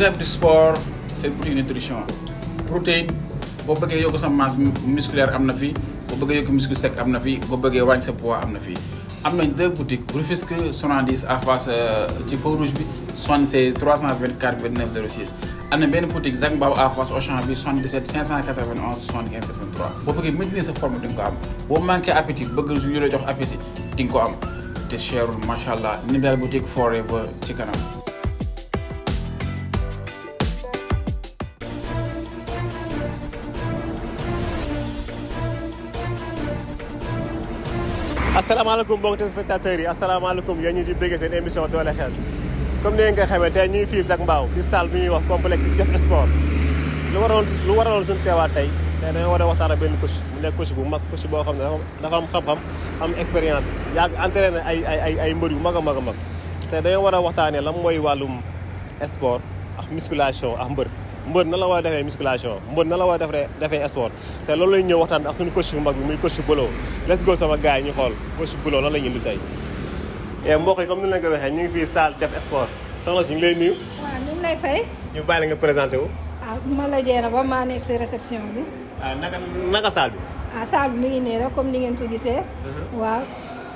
exemple du sport c'est nutrition boo bëggee yokk sa masse musculaire am na fi boo bëggee yokk muscle sec am na fi boo bëggee wàññi sa poids am na fi am nañ deux boutiques Rufisque 70 euh, am na benn boutique Zac Mbao à face Auchan bi 77 591 75 83 boo bëggee maintenir sa forme di nga ko am boo manqué appétit bëgg yu la jox appétit di nga ko am te cherul macha allah Nivea boutique forever ci kanam. asalaamaaleykum mbokk téléspectateurs yi asalaamaaleykum yéen ñu di bëgg seen émission doole xel comme ni nga xamee tey ñu ngi fii Zac Mbao si salle bi ñuy wax complexe Jëf Sport lu waroon lu waraloon suñu teewaat tey tey dañoo war a waxtaan ak benn coach mu nekk coach bu mag coach boo xam ne dafa am xam-xam am expérience yàgg entraîné ay ay ay mbër yu mag a mag a mag tey dañoo war a waxtaanee lan mooy wàllum sport ak musculation ak mbër mbër na la war a defee musculation mbër na la war a defee defee sport te loolu lañu ñëw waxtaan ak suñu coach bu mag bi muy coach Bolo let's go sama gars yi ñu xool coach Bolo lan la ñu indi tey e mbokk yi ko waxee ñu ngi fii salle def sport soxna si ñu ñu ngi la nga présenté wu waaw ah, ma la jeera ba maa nekk si réception bi waaw ah, naka ah, ngi nii comme ni ngeen ko gisee uh-huh. waaw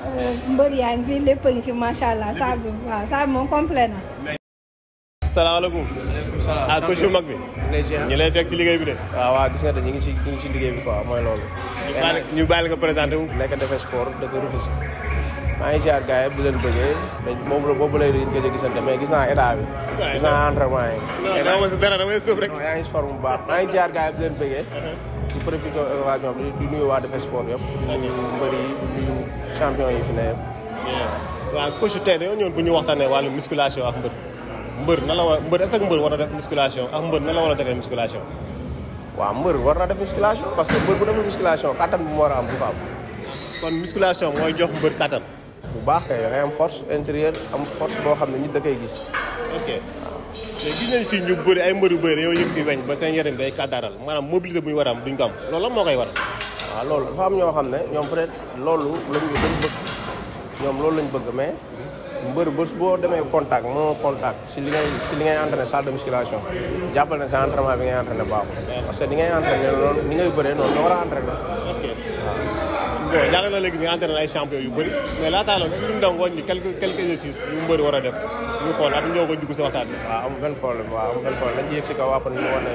euh, mbër yaa ngi fi lépp a ngi fi macha allah salle bi waaw salle moom complet na salaamaaleykum waaleykum salaam ah, mag bi. ñu lay fekk ci liggéey bi de. waaw ah, waaw gis ñu ngi ci ñu ngi ci liggéey bi quoi mooy loolu. ñu bàyyi nga présenté wu. nekk defee sport dëkk Rufisque. maa ngi ziar gars yi di leen bëggee. dañ boobu la boobu lay doon gëj a gisante mais gis naa état bi. gis naa entraînement yi. non non ma si dara damay suuf rek. non yaa ngi si forme maa ngi ziar gars yi di leen bëggee. di bi di nuyu waa defee sport yëpp. di nuyu mbër yi di nuyu yi fi ne yëpp. waaw coach tey dañoo bu ñu waxtaanee wàllu musculation ak mbër mbër na la war mbër est-ce mbër war a def musculation ak mbër na la war a defee musculation. waaw mbër war na def musculation parce que mbër bu deful musculation kattan bi mu war a am du ko kon musculation mooy jox mbër kattan. bu baax kay da am force intérieure am force boo xam ne nit da koy gis. ok waaw mais gis nañ fii ñu bëri ay mbër yu bëri yow yëpp weñ ba seen yaram day kàddaaral maanaam mobilité bu war a am duñ ko am loolu moo koy war. waaw loolu dafa am ñoo xam ne ñoom peut loolu lañ bëgg loolu lañ bëgg mais. mbër bés boo demee contact moo contact si li ngay si li ngay entraîné salle de musculation jàppal ne sa entraînement bi ngay entraîné baaxul. parce que ni ngay entraîné noonu ni ngay bëree noonu nga war a entraîné. ok waaw. yaakaar naa léegi nga entraîné ay champion yu bëri mais laataa loolu suñu dem woon ni quelques quelques exercices yu mbër war a def ñu xool ak ñoo ko dugg si waxtaan bi. waaw amul benn problème waaw amul benn problème lañ ci yëg si kaw waa kon ñu wane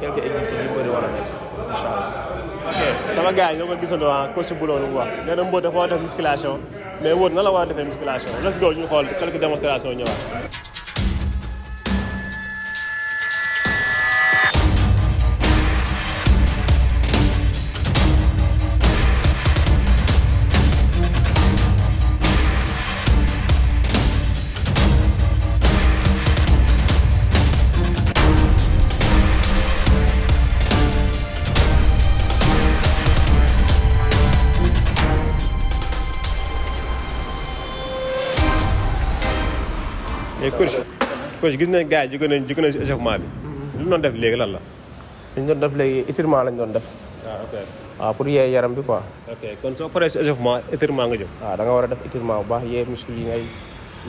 quelques exercices yu mbër war a def incha allah. ok sama gars yi ñoo ko gisandoo ah coach bu loolu wax nee na mbër dafa war a def musculation mais wóor na la war a defee musculation let's go ñu xool quelques démonstrations ñëwaat. coach gis nañ gars yi jóge nañ jóge nañ si échauffement bi. Mm-hmm. lu mu def léegi lan la. li ñu doon def léegi étirement lañ doon def. waaw ah, ah, pour yee yaram bi quoi. kon soo paree si échauffement étirement nga jëm. waaw ah, da war a def étirement bu baax yee muscle yi ngay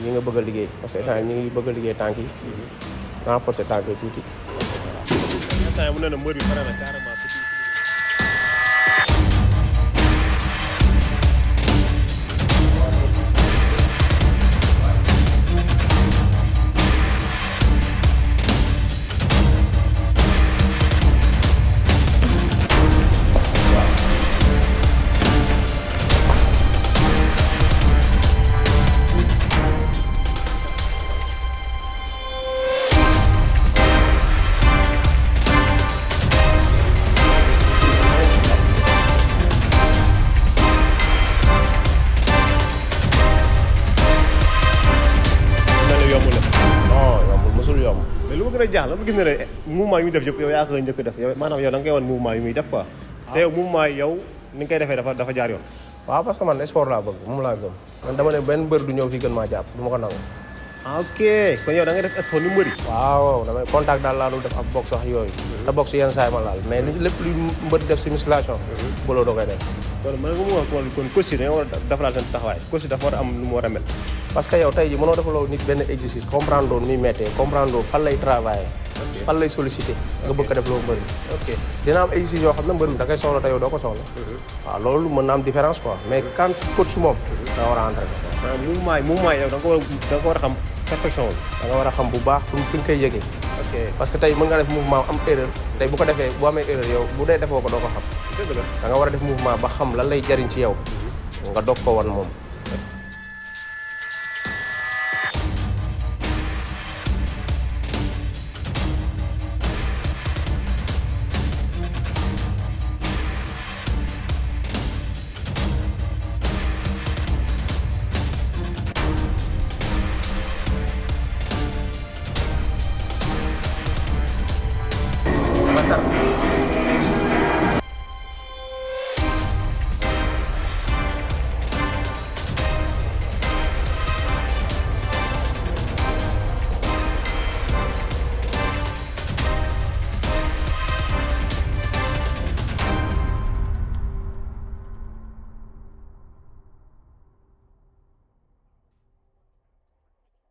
ñi nga bëgg a liggéey parce que instant ñi ngi bëgg a liggéey tànk yi. Mm-hmm. renforcer tànk yi tuuti. a jaaxle ma gis ne la mouvement muy def yëpp yow yaa ko njëkk def yow maanaam yow da nga koy wan mouvement yi muy def quoi te yow mouvement yi ni nga defee dafa jaar yoon waaw parce man sport laa bëgg moom laa gëm man dama ne benn mbër du ñëw fii gën maa jàpp du ko nangu ok kon yow da def sport ni mbëri waaw damay contact daal laa dul def ak box wax yooyu mhm. te box yenn saa ma laal mais li lépp lu mbëri def si musculation mhm. buloo doo koy def a parce que yow tey ji mënoo nit benn exercice comprendre loolu nuy méttee comprendre loolu fan lay sollicité nga bëgg def loo mbëri dina am exercice yoo xam ne mbëri da koy soxla te yow doo ko soxla mhm. waaw loolu mën na am différence quoi mais quand coach moom da perfection da nga war a xam bu baax pour fi nga koy yëgee parce que tey mën nga def mouvement am erreur tey bu ko defee bu amee erreur yow bu dee defoo ko doo ko xam dëgg war a def mouvement ba xam lan lay jariñ ci yow mhm. nga doog ko wan moom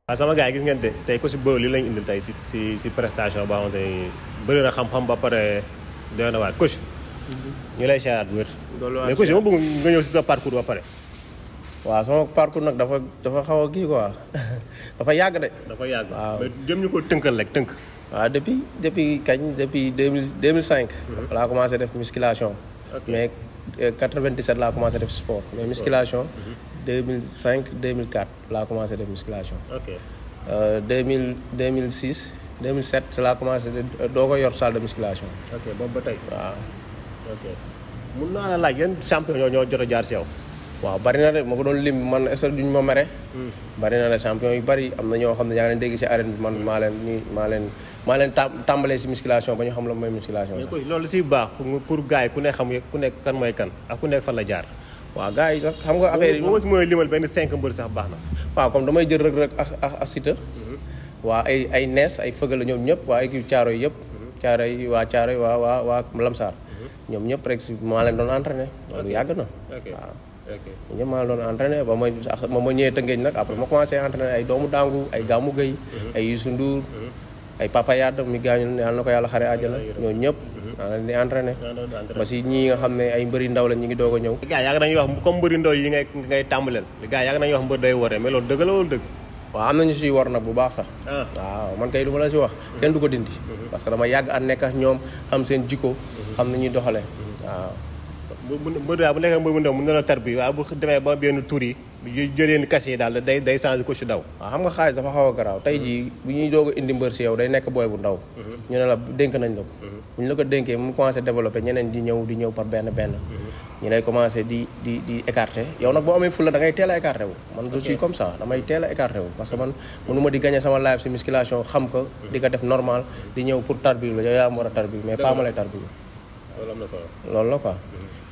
waaw ah, sama gars yi gis ngeen de tey ko si boolu li lañu indil tey si si si prestation ba xamante ni bëri na xam-xam ba pare doy na waat coach mhm. ñu lay seeraat bu wér mais coach ma bëgg nga ñëw si sa parcour ba pare waa sama parcours nag dafa dafa xaw a kii quoi dafa yàgg de dafa yàgg waaw jëm ñu ko tënkal rek tënk waaw depuis depuis kañ depuis deux mille deux mille cinq mhm. laa commencé def musculation mais 97 euh, laa commencé def sport mais musculation mhm. 2005 2004 laa commencé def musculation. ok 2000 2006 2007 laa commencé euh, doo ko yor salle de musculation. ok boobu ba tey. waaw. mun naa la laaj yan champion ñoo ñoo jot a jaar si yow. waaw bari na de ma ko doon lim man est-ce que duñu ma mere. Hmm. bari na de champion yu bari am na ñoo xam ne yaa ngi leen dégg si arène bi man hmm. maa leen nii maa leen maa leen tàmbalee si musculation ba ñu xam la mooy musculation. mais loolu si baax pour pour ku ne xam fan la jaar. waaw gars yi sax xam nga affaire yi. moom aussi mooy limal benn cinq mbër sax baax na. waaw comme damay jël rek rek ak ak mhm. waa ay ay nees ay fëgal la ñoom ñëpp waa équipe caaro yi yëpp. caaro mhm. yi waa caaro yi waa waa waa Lamsaar. Mhm. ñoom ñëpp rek si maa leen doon entraîné. loolu yàgg na waaw. ok ñëpp maa doon entraîné ba ma ma ma ñëwee Tëngéej nag après ma commencé entraîné ay doomu dàngu ay Gamou Gueye ay Youssou Ndour ay Papa Yade mi gaañu yàlla na ko yàlla xare àjjana ñooñu ñëpp maa ah, leen di entraîné ba si ñii nga xam ne ay mbëri ndaw la ñu ngi doog a ñëw gars yàgg nañuy wax comme mbëri ndaw yi ngay ngay tàmbaleel gars yàgg nañuy wax mbër day woote mais loolu dëgg la wala dëgg waaw am war nag bu baax sax ah. waaw man kay lu ma la si wax kenn du ko dindi mhm. parce que dama yàgg a nekk ak ñoom xam seen jikko mhm. xam ñuy doxale mhm. waaw mbër daal bu nekkee mbër mu ndaw mën na la waaye bu demee ba benn tur yi jël yenn yi daal day day ko ci daw waaw xam nga xaalis dafa xaw a garaaw tey jii bu ñuy doog a indi mbër si yow day nekk booy bu ndaw mhm. ñu ne la dénk nañ la ko mhm. bu ñu la ko dénkee mu commencé développé ñeneen di ñëw di ñëw par benn benn mhm. ñu lay commencé di écarté yow nag boo amee fulla da ngay teel a écarté wu man je suis comme ça damay teel a écarté wu parce que man mënu ma di gagné sama live si musculation xam ko di ko def normal di pour tarbi la yow yaa am war a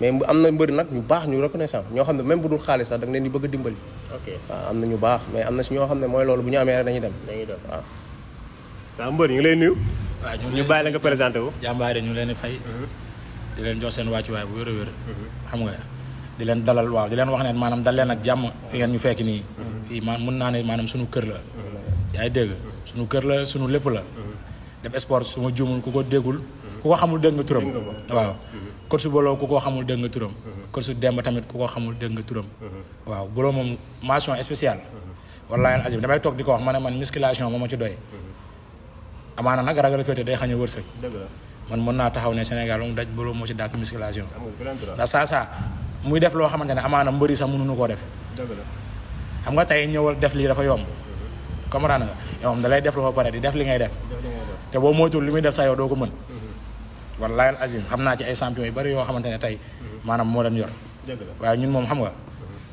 mais am na mbëri nag ñu baax ñu reconnaissant ñoo xam ne même bu dul xaalis sax da nga leen di bëgg a dimbali. ok waaw am na ñu baax mais am na si ñoo xam ne mooy loolu bu ñu amee rek dañuy dem. dañuy dem waaw. waaw mbër ñu ngi lay nuyu. waaw ñu bàyyi la nga présenté wu. jàmbaare ñu leen di fay. Mhm. di leen jox seen wàccuwaay bu wér a wér. xam nga di leen dalal waaw di leen wax ne maanaam dal leen ak jàmm fi ngeen ñu fekk nii. Mhm. fii man mun naa ne maanaam suñu kër la. Mhm. yaa ngi dégg suñu kër la suñu lépp la. def sport su ma juumul ku ko déggul ku ko xamul dégg nga turam waaw mm-hmm. coach su boloo ku ko xamul dégg nga turam mm-hmm. coach su demb tamit ku ko xamul dégg nga turam mm-hmm. waaw boloo moom mention spéciale wallaahi azim damay toog di ko wax ma ne man musculation moo ma ci doy amaana nag ragal féete day xañ a wërsëg man mën naa taxaw ne Sénégal moom daj boloo moo ci dàkk musculation ndax saa saa muy def loo xamante ne amaana mbëri sax mënuñu koo def xam nga tey ñëwal def lii dafa yomb comprendre nga yow da lay def la ba pare di li ngay def te boo moytuwul li muy def sa yow doo ko mën wallaay al azim xam naa ci ay champion yu bari yoo xamante ne tey maanam moo leen yor waaye ñun moom xam nga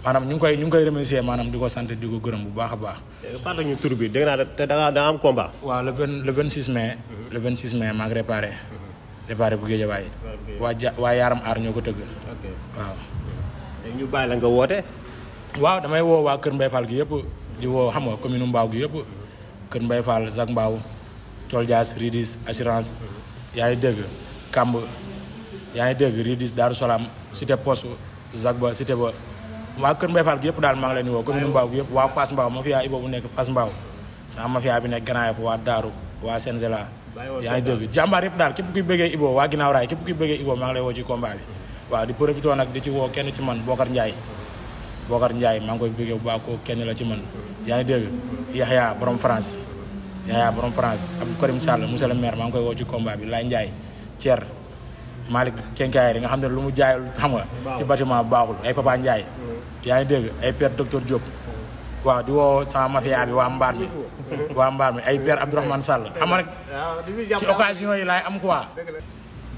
maanam ñu ngi koy ñu ngi koy remercier maanaam di ko sant di ko gërëm bu baax a baax eh, parle ñu tur bi dégg naa da nga am combat waaw le vingt le vingt six mai le vingt six mai maa ngi réparé réparé bu Géejawaay waa ja waa Yaaram Aar ñoo ko tëgg waaw eh, ñu bàyyi la nga woote waaw damay woo waa Kër Mbay Fall gi yëpp di woo xam nga commune Mbaaw gi yëpp Kër Mbay Fall Zac Mbaaw Tol Dias Ridis assurance mhm. yaa ngi dégg Kamb yaa ngi dégg Ridis Darou Salaam cité poste Zac ba cité ba waa Kër Mbaye Fall gi yëpp daal maa ngi leen di woo commune Mbao yëpp waa Fass Mbao mafia Ibo bu nekk Fass Mbao sama mafia bi nekk Grand Yoff waa Daaru waa Senzela yaa ngi dégg jàmbaar yëpp daal képp kuy bëggee Ibo waa ginnaaw raay képp kuy bëggee Ibo maa woo ci combat bi waaw di profité nag di ci woo kenn ci man Bokar Ndiaye Bokar Ndiaye maa ngi koy bëggee bu baax ko kenn la ci man yaa ngi dégg Yaxya borom France Yaxya borom France Abdou Karim Sall monsieur le maire maa ngi koy Thier Malick kenkaay yi nga xam ne lu mu jaayul xam nga ci bâtiment baaxul ay Papa Ndiaye mm. yaa ngi dégg ay père docteur Diop mm. waaw di woo sama mafia bi waa mbaar mi waa mbaar mi ay père Abdourahmane Sall xam nga rek ci occasion yi laay am quoi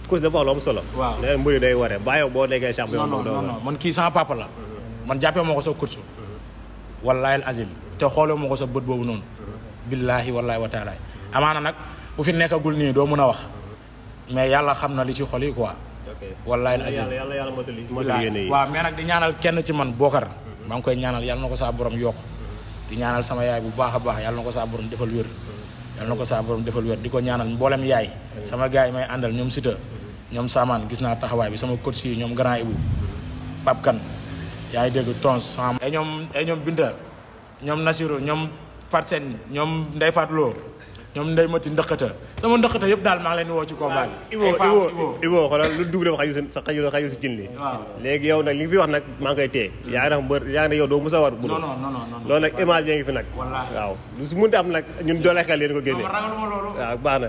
course dafa wax lu am solo waaw nee mbir day waree bàyyi boo nekkee champion non non man kii sama papa la mm-hmm. man jàppee moo ko sa course mm-hmm. wallahi al azim te xoolee moo ko sa bët boobu noonu mm-hmm. billaahi wallaahi wa taala amaana nag bu fi nekkagul nii a mais yàlla xam na li ci xol yi quoi. ok wallaay la yàlla yàlla yàlla motali motali waaw mais nag di ñaanal kenn ci man bookar mhm. maa ngi koy ñaanal yàlla na ko saa borom yokk mhm. di ñaanal sama yaay bu baax a baax yàlla na ko saa borom defal wér mhm. yàlla na ko saa borom defal wér di ko ñaanal mboolem yaay sama gars yi may àndal ñoom Sita ñoom Samaan gis naa taxawaay bi sama coach yi ñoom Grand Ibou Pape Kane yaa ngi dégg Tons Sam ay ñoom ay ñoom Binta ñoom Nasiru ñoom Fatou seen ñoom Ndeye Fatou Lo ñoom nday mati ndëqata sama ndëqata yëpp daal maa ngi leen di woo ci combat bi Ibo xoolal lu duuf dafa xaju sa xaju xaju si cin li léegi yow nag li fi wax nag maa ngi koy téye mm. yaa ngi nag mbër yaa ngi ne yow doo musa war nag image yaa ngi fi nag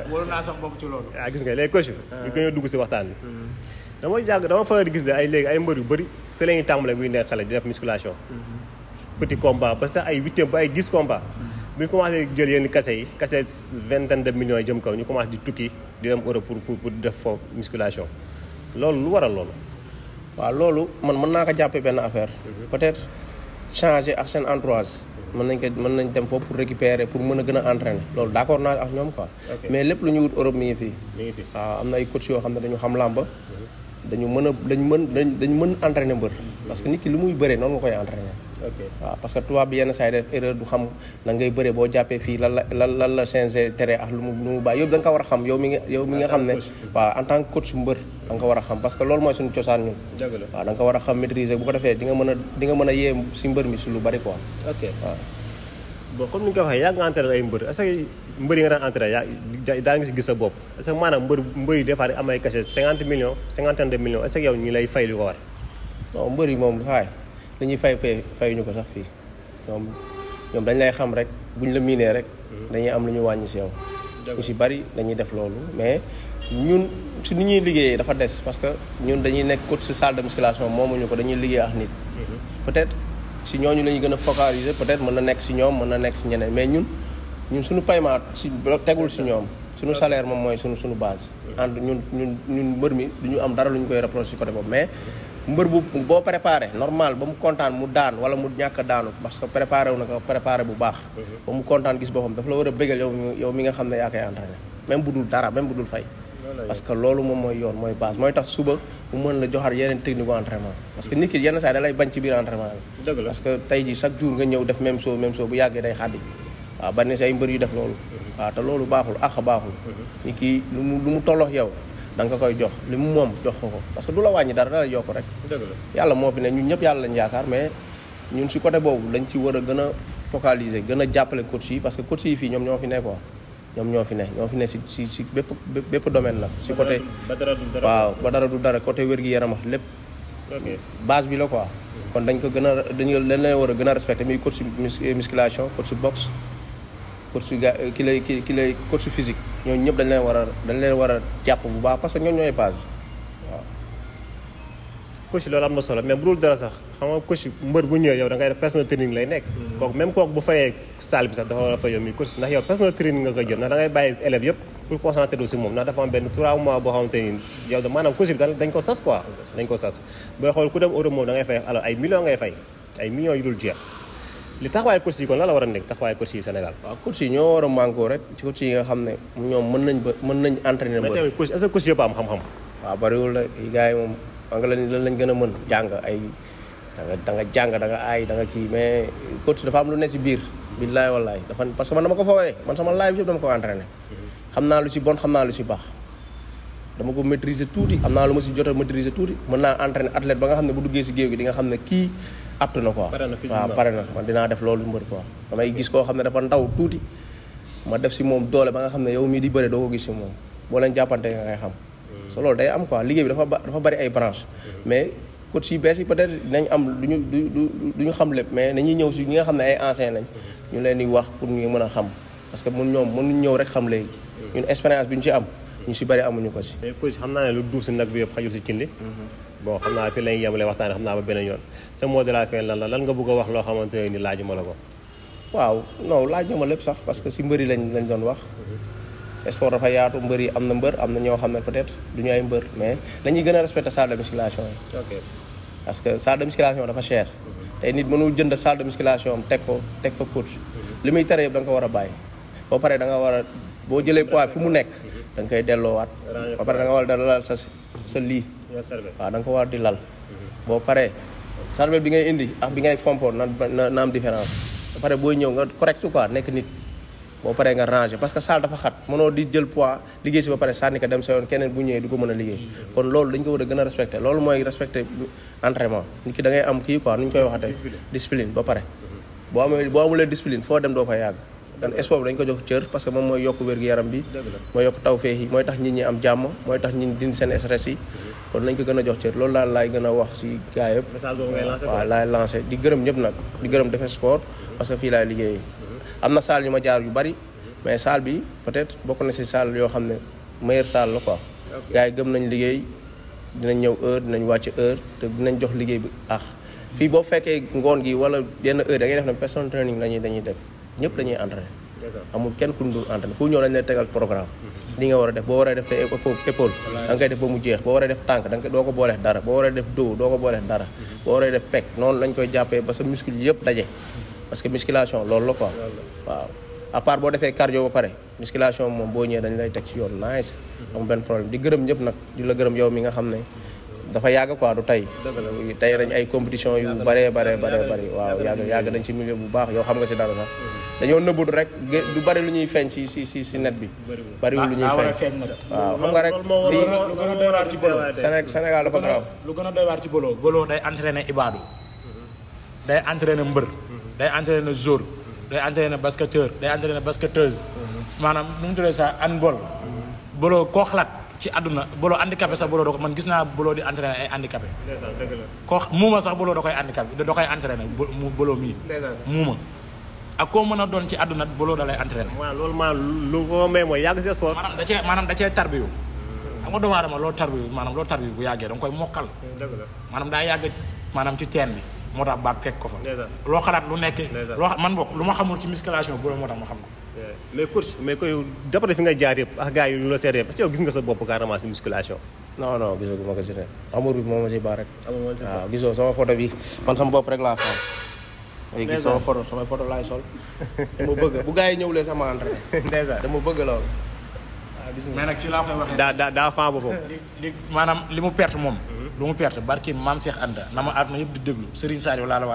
ko sax bopp ci loolu waaw ah, gis nga léegi ah. a dugg si waxtaan bi mm. dama jàng dama faral di gis de ay ay mbër yu bëri fii la ñuy tàmbale buy nekk xale di def musculation mm-hmm. petit combat ba sax ay huitième ba ay dix combat bu ñu commencé jël yenn kase yi kase vingtaine de millions yi jëm kaw ñu commencé di tukki di dem Europe pour pour pour def foofu musculation loolu lu waral loolu. waaw loolu man mën naa ko jàppee benn affaire. Mhm. peut-être changer ak seen entourage. mën nañ ko mën nañ dem foofu pour récupérer pour mën a gën a entraîner loolu d'accord naa ak ñoom quoi. mais lépp lu ñu wut Europe mi ngi fii. mi ngi waaw am na ay coach yoo xam ne dañu xam làmba. Mhm. dañu mën a dañu mën dañ mën entraîner mbër. Mhm. parce que nit ki lu muy bëree noonu nga koy waaw parce que tubaab bi yenn saa yi def erreur du xam la ngay bëre boo jàppee fii lan la lan lan la changé tere ak lu mu bàyyi yóbbu da nga war a xam yow mi nga yow mi nga ah, xam ne waaw en tant que coach mbër da nga ko war a xam parce que loolu mooy suñu cosaan ñun waaw da war a xam maîtriser bu ko defee di nga mën a di nga mën a yee si mbër mi si lu bari quoi ok waaw comme ni nga ko waxee yaa nga entraîné ay mbër est-ce que mbër yi nga daan entraîné yaa daa nga si gis sa bopp mbër mbër yi des fois di am ay cachet cinquante millions cinquantaine de millions lay fay lu ko war non moom xaay li ñuy fay fay fayuñu ko sax fii ñoom dañ lay xam rek buñ la miinee rek. Mhm. dañuy am lu ñu wàññi si yow. ñu si bari dañuy def loolu mais ñun si ni ñuy liggéeyee dafa des parce que ñun dañuy nekk côté si salle de musculation moomuñu ko dañuy liggéey ak nit. Mhm. peut-être si ñooñu la ñu gën a focaliser peut-être mën na nekk si ñoom mën na nekk si ñeneen mais ñun ñun suñu paiement si tegul si suñu salaire moom mooy suñu suñu base. ànd mhm. ñun ñun ñun mbër mi du ñu am dara lu ñu koy reproché coté boobu mais. mbër bu boo préparé normal ba mu kontaan mu daan wala mu ñàkk daanu parce que préparé wu na ko préparé bu baax mhm. ba mu kontaan gis boppam dafa la war a bëggal yow yow mi nga xam ne yaa koy entraîné même bu dul dara même bu dul fay parce loolu moom mooy yoon mooy base mooy tax suba mu mën la joxaat yeneen technique entraînement parce que mhm. nit ki yenn saa da lay bañ ci biir entraînement bi parce que tey ji chaque jour nga ñëw def même chose même chose bu yàggee day xaddi waaw bari na si ay mbër y def loolu mhm. waaw te loolu baaxul ak baaxul nit ki lu mu mu tollox yow da nga koy jox li mu moom jox ko ko parce que du la wàññi dara dara ko rek. yàlla moo fi ne ñun ñëpp yàlla lañ yaakaar mais ñun si côté boobu dañ ci war a gën a focaliser gën a jàppale coach yi parce que coach yi fii ñoom ñoo fi ne quoi. ñoom ñoo fi ne fi ne si si si bépp bépp domaine la. si côté waaw ba dara du dara côté wér-gi-yaram wax lépp. base bi la quoi. kon dañ ko gën a dañu leen leen war a gën a respecté muy coach musculation coach boxe coach ga ki lay ki lay coach physique. ñooñu ñëpp dañ leen war a dañ leen war a jàpp bu baax parce que ñoom ñooy base bi waaw. coach loolu am na solo mais bu dul dara sax xam nga mbër bu ñëwee yow da personal training lay nekk. Hmm. kooku même kooku bu faree salle bi sax dafa war a fa yow mi coach ndax yow personal training nga koy jot ndax da ngay bàyyi élèves yëpp pour concentrer aussi moom ndax dafa benn 3 boo xamante ni yow de maanaam coach bi dañ ko sas quoi dañ ko sas booy xool ku dem euro moom ay millions ngay fay ay millions li taxawaayu coach yi kon a nekk taxawaayu coach yi Sénégal waaw coach yi ñoo war a mànkoo rek ci yi nga xam ne ñoom mën nañ ba mën nañ la gën a mën jàng ay da nga da jàng da nga aay danga nga kii mais coach dafa am lu ne si biir billaay wallaay dafa parce que man dama ko foowee man sama live yëpp dama ko entraîner xam naa lu si bon xam naa lu si baax dama ko maîtriser tuuti xam naa lu ma si jot a maîtriser tuuti mën naa entraîner athlète ba nga xam ne bu duggee si géew gi di nga xam ne kii apte na quoi waaw pare na man dinaa def loolu mbër quoi may gis koo xam ne dafa ndaw tuuti ma def si moom doole ba nga xam ne yow mii di bëre doo ko gis si moom boo leen jàppante nga xam hmm. so day am quoi liggéey dafa dafa bëri ay branche hmm. mais coach yi bees yi peut être dinañ am duñu du du ñu xam lépp mais nañuy ñëw si ñi nga xam ne ay anciens lañ hmm. ñu leen di wax pour ñu mën a xam parce que mun ñoom mënuñ ñëw rek xam léegi ñun expérience bi ñu ci am ñu si bari amuñu ko si mais coach xam naa ne lu duuf si nag bi yëpp xajul si cindi bon xam naa fi la ñuy yemale waxtaan xam naa ba beneen yoon sa mot de la fin lan la lan nga bëgg a wax loo xamante ne ni laajuma la ko. waaw non laaj na ma lépp sax parce que si mbëri lañ lañ doon wax. sport dafa yaatu mbër yi am na mbër am na ñoo xam ne peut-être du ñu ay mbër mais dañuy gën a respecté salle de musculation yi. ok parce que salle dafa cher. nit mënul jënd salle de teg ko teg fa coach. li muy tere yëpp nga ko war a bàyyi. boo paree da nga war boo jëlee poids fu mu nekk. da koy delloowaat. ba da nga war a dalal sa sa lii. waaw da nga ko war di lal boo paree sarbet bi ngay indi ak bi ngay fompo na am différence ba pare booy ñëw nga correct quoi nekk nit boo paree nga ranger parce que salle dafa xat mënoo di jël poids liggéey si ba pare sànni ko dem sa yoon keneen bu ñëwee du ko a liggéey kon loolu dañ ko mooy respecté entraînement nit ki da ngay am kii quoi nu ñu dem que moom mooy yokk wér-gu-yaram bi mooy yokk taw seen stress kon nañ ko gën a jox cër loolu daal laay gën a wax si gars yëpp. message boobu ngay di gërëm ñëpp nag. di gërëm defee sport parce que fii laay liggéeyee. am na salle yu ma jaar yu bari mais salle bi peut-être bokk na si salle yoo xam ne meilleure salle la quoi. gars yi gëm nañ liggéey dinañ ñëw heure dinañ wàcc heure te dinañ jox liggéey bi ax fii boo fekkee ngoon gi wala yenn heure da ngay def ne personal training la ñuy dañuy def ñëpp la ñuy amul kenn ku dul entraîné ku ñëw lañ lay tegal programme li nga war a def boo waree def te épaule da nga def ba mu jeex boo waree def tànk doo ko boolee dara boo waree def mhm. def pec noonu lañ koy jàppee ba sa muscle yëpp daje mhm. parce que musculation loolu la quoi waaw à boo defee cardio ba pare musculation moom boo ñëwee dañ lay teg ci yoon nice mhm. amul benn problème di gërëm ñëpp nag di gërëm yow mi nga xam ne dafa yàgg quoi du tey tey nañ ay compétition yu bare bare bare bëri waaw yàgg yàgg nañ ci milieu bu baax yow xam nga si dara sax dañoo nëbbut rek du bëri lu ñuy feeñ si si si si net bi bëriwul lu ñuy ah, ah, feeñ waaw xam nga rek lu gën a doy waar ci bolo Sénégal dafa a doy waar ci bolo bolo day entraîné ibaadu day entraîné mbër day entraîné jour day entraîné basketteur day entraîné basketteuse maanaam nu mu tuddee sax handball bolo koo xalaat ci àdduna boloo handicapé sax boloo da ko man gis naa boloo di entraîné ay handicapé koo muuma sax boloo da koy handicapé da koy entraîné mu boloo mii muuma ak koo mën a doon ci àdduna boloo da lay entraîné waaw loolu maanaam lu ko may mooy yàgg si sport maanaam da cee maanaam da cee tarbiyu xam nga doomu aadama loolu tarbiyu maanaam loolu tarbiyu bu yàggee da nga koy mokkal maanaam daa yàgg maanaam ci teen bi moo tax baat fekk ko fa. loo xalaat lu nekk. loo man bokk lu ma xamul ci musculation bu moo tax ma xam ko. mais coach mais koy d'après fi nga jaar yëpp ak gars yi lu la seet yëpp parce que yow gis nga sa bopp carrément si musculation. non non gisoo ma ko si ne amour bi moo ma si baax gisoo sama photo bi man sama bopp rek laa xam. ay gis sama photo sama photo laay sol. dama bëgg bu gaa yi ñëwlee sama entraînement. dama bëgg loolu. mais nag ci laa daa daa daa fan boppam. li li mu perte moom. lu mu perte barki maam Cheikh Anta na ma àdduna yëpp di déglu laa la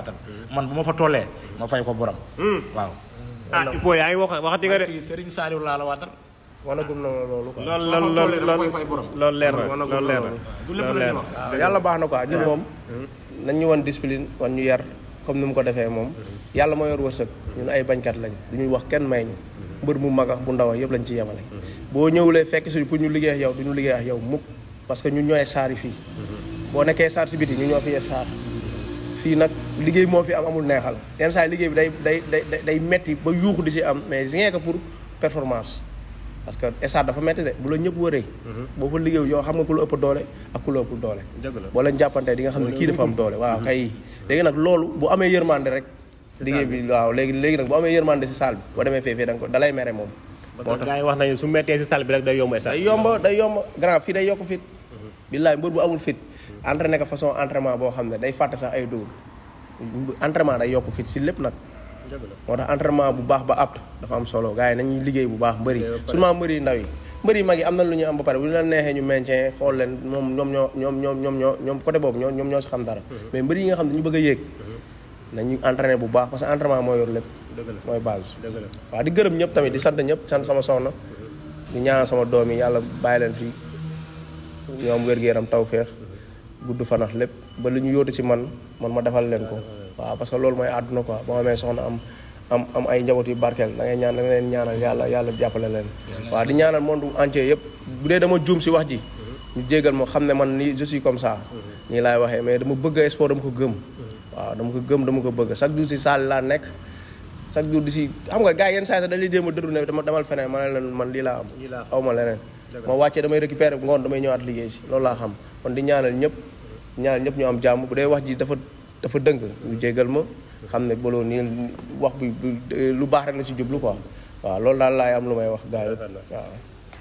man bu fa tollee. ma fay ko borom. Hmm. waaw. ah Ibou yaa ngi wax waxati nga de. Serigne Saliou laa la wala gum na loolu quoi. loolu loolu loolu leer na loolu leer na. loolu leer na yàlla baax na quoi ñun ah. moom. ñu wan discipline wan ñu yar comme ni mu ko defee moom. yàlla moo yor wërsëg. ñun ay bañkat lañ du ñuy wax kenn may ñu. mbër mu mag bu ndaw yëpp lañ ci yemale. boo ñëwulee fekk suñu pour ñu liggéey ak yow du ñu liggéey ak yow mukk parce que ñun ñooy saari fii boo nekkee saar si biti ñu ñoo fiye saar fii nag liggéey moo fi am amul neexal yenn liggéey bi day day day day metti ba yuuxu di si am mais rien pour performance parce que estade dafa metti la ñëpp wëree mm-hmm. boo fa liggéeyu yoo xam nga ku la ëpp doole ak ku la ëpp doole boo leen jàppante di nga xam ne kii dafa am doole waaw mm-hmm. kay léegi nag loolu bu amee yërmande rek liggéey bi waaw léegi léegi nag bu amee yërmande si salle bi boo demee feefee da ko dalay mere moom moo tax yi wax nañu su mettee si salle bi rek day yomb esat day yomb day yomb grand fii day yokk fit billaay mbër bu amul fit entraîné ko façon entraînement boo xam ne day fàtte sax ay dóor entraînement day yokk fit si lépp nag moo tax entraînement bu baax ba apte dafa am solo gars yi nañu liggéey bu baax mbëri seulement mbëri ndaw yi mbëri mag yi am na lu ñuy am ba pare bu ñu la neexee ñu maintien xool leen moom ñoom ñoo ñoom ñoom ñoom ñoo ñoom côté boobu ñoo ñoom ñoo si xam dara mais mbëri yi nga xam ne dañu bëgg a yéeg nañu entraîné bu baax parce que entraînement moo yor lépp mooy base waaw di gërëm ñëpp tamit di sant ñëpp sant sama soxna di ñaanal sama doom yi yàlla bàyyi leen fi ñoom wér-gu-yaram taw feex gudd fanax lépp ba lu ñu yóotu si man man ma defal leen ko waa parce que loolu mooy àdduna ko ba ma amee soxna am am am ay njaboot yu barkeel da ngay ñaan da nga leen ñaanal yàlla yàlla jàppale leen waaw di ñaanal monde entier yëpp bu dee dama juum si wax ji mu jéggal ma xam ne man nii je suis comme ça nii laay waxee mais dama bëgg sport dama ko gëm waaw dama ko ko bëgg chaque jour laa nekk chaque jour di si xam nga gars yi yenn saa sax da lay déema dëru ne dama demal feneen ma ne leen man lii laa am aw ma leneen ma wàccee damay récupérer ngoon damay ñëwaat liggéey si loolu laa xam kon di ñaanal ñëpp ñaanal ñëpp ñu am jàmm bu dee wax ji dafa dafa dëng ñu jégal ma xam ne baloo nii wax bi lu baax rek la si jublu quoi waaw loolu daal laay am lu may wax gaa yi waaw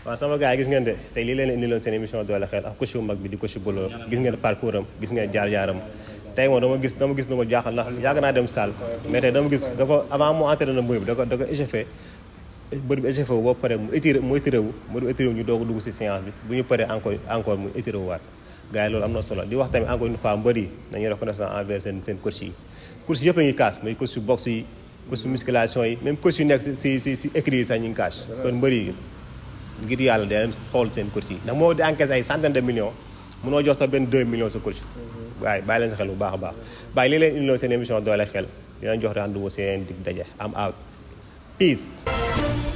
waaw sama gars yi gis ngeen de tey lii leen indiloon seen émission doole xel ak coach bu mag bi di coach Bolo gis ngeen parcours am gis ngeen jaar-jaaram tey moom dama gis dama gis lu ma jaaxal ndax yàgg naa dem salle mais dama gis dafa avant mu entraîné na mbër bi da ko da ko wu ba pare mu étiré mu étiré dugg si séance bi bu ñu paree encore encore mu étiré wax tamit encore une fois mbër yi nañuy reconnaissant envers seen seen coach yi coach yëpp a ngi kaas muy coach yu boxe yi coach yu musculation yi même coach yu jox sax benn 2 millions sa coach waaye bàyyi leen sa xel baax a baax bàyyi li leen indiloo seen émission doole xel dinañ jox rendez-vous seen dig daje am out peace